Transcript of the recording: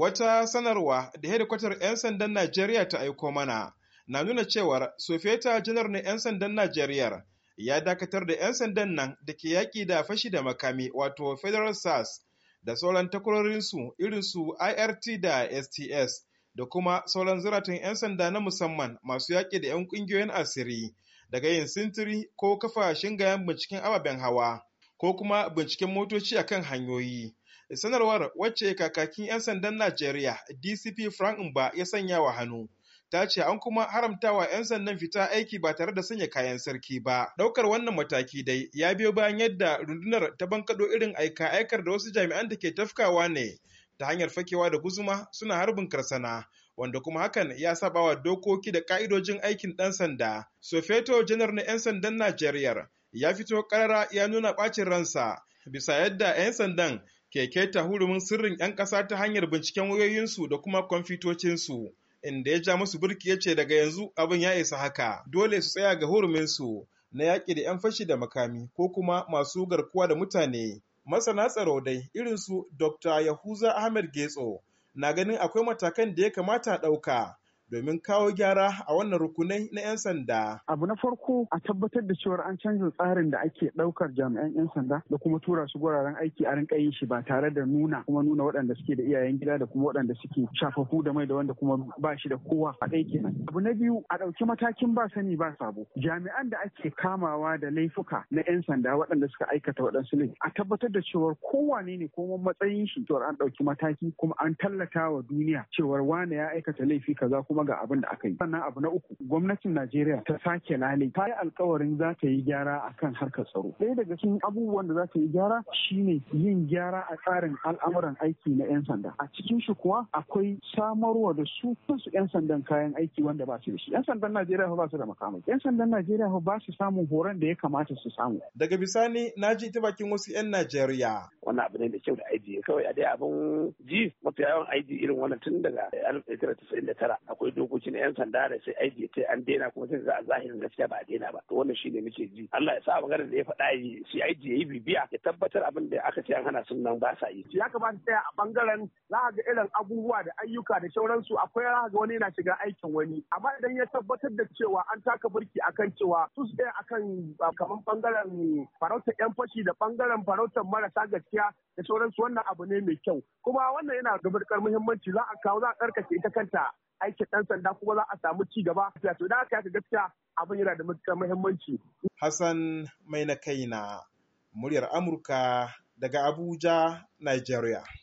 Wata sanarwa da hedikwatar 'yan sandan Najeriya ta aiko mana na nuna cewar Sofeta janar na 'yan sandan Najeriya ya dakatar da 'yan sandan nan da ke yaƙi da fashi da makami wato Federal SARS da sauran takwarorinsu irinsu IRT da STS da kuma sauran ziratun 'yan sanda na musamman masu yaƙi da 'yan ƙungiyoyin asiri daga yin sintiri ko kafa shingayen binciken ababen hawa ko kuma binciken motoci akan hanyoyi. Sanarwar wacce kakakin 'yan sandan Najeriya DCP Frank Mba ya sanya wa hannu. ta ce an kuma haramtawa 'yan sandan fita aiki ba tare da sanya kayan sarki ba. Daukar wannan mataki dai ya biyo bayan yadda rundunar ta bankaɗo irin aika aikar da wasu jami'an da ke tafkawa ne ta hanyar fakewa da guzuma suna harbin karsana. wanda kuma hakan ya saba wa dokoki da ka'idojin aikin ɗan sanda. Sofeto janar na 'yan sandan Najeriya ya fito karara ya nuna ɓacin ransa bisa yadda 'yan sandan keke ta hurumin sirrin 'yan ƙasa ta hanyar binciken wayoyinsu da kuma kwamfutocinsu inda ya ja musu burki ya ce daga yanzu abin ya isa haka dole su tsaya ga huruminsu na yaƙi da 'yan fashi da makami ko kuma masu garkuwa da mutane masana tsaro dai irinsu dr yahuza ahmed getso na ganin akwai matakan da ya kamata a ɗauka domin kawo gyara a wannan rukunai na 'yan sanda. Abu na farko a tabbatar da cewar an canza tsarin da ake ɗaukar jami'an 'yan sanda da kuma tura su guraren aiki a rinka yin shi ba tare da nuna kuma nuna waɗanda suke da iyayen gida da kuma waɗanda suke shafafu da mai da wanda kuma ba shi da kowa a ɗaya kenan. Abu na biyu a ɗauki matakin ba sani ba sabo. Jami'an da ake kamawa da laifuka na 'yan sanda waɗanda suka aikata waɗansu laifi a tabbatar da cewar kowane ne kuma matsayin shi cewar an ɗauki mataki kuma an tallata wa duniya cewar wane ya aikata laifi kaza kuma kuma ga abin da aka yi sannan abu na uku gwamnatin najeriya ta sake lale ta yi alkawarin za ta yi gyara a kan harkar tsaro ɗaya daga cikin abubuwan da za ta yi gyara shi ne yin gyara a tsarin al'amuran aiki na 'yan sanda a cikin shi kuwa akwai samarwa da su kansu 'yan sandan kayan aiki wanda ba su da shi 'yan sandan najeriya ba su da makamai 'yan sandan najeriya ba su samun horon da ya kamata su samu daga bisani na ji ta bakin wasu 'yan najeriya wannan abu ne da kyau da ajiye kawai a dai abin ji ta yawan aiki irin wannan tun daga tara. akwai dokokin na yan sanda da sai aiki ta an daina kuma sai za a zahirin gaskiya ba a daina ba to wannan shine muke ji Allah ya sa maganar da ya faɗa yi shi aiki yayi bibiya ya tabbatar abin da aka ce an hana sun nan ba sa yi ya kamata tsaya a bangaren za ga irin abubuwa da ayyuka da sauransu akwai za ga wani yana shiga aikin wani amma idan ya tabbatar da cewa an taka burki akan cewa su tsaya akan kaman bangaren farautar yan fashi da bangaren farautar marasa gaskiya da sauransu wannan abu ne mai kyau kuma wannan yana da matukar muhimmanci za a kawo za a karkace ita kanta aikin ɗan sanda kuma za a samu ci gaba to da aka yaka gaskiya abin yana da matukar muhimmanci. Hassan mai na kaina muryar Amurka daga Abuja, Nigeria.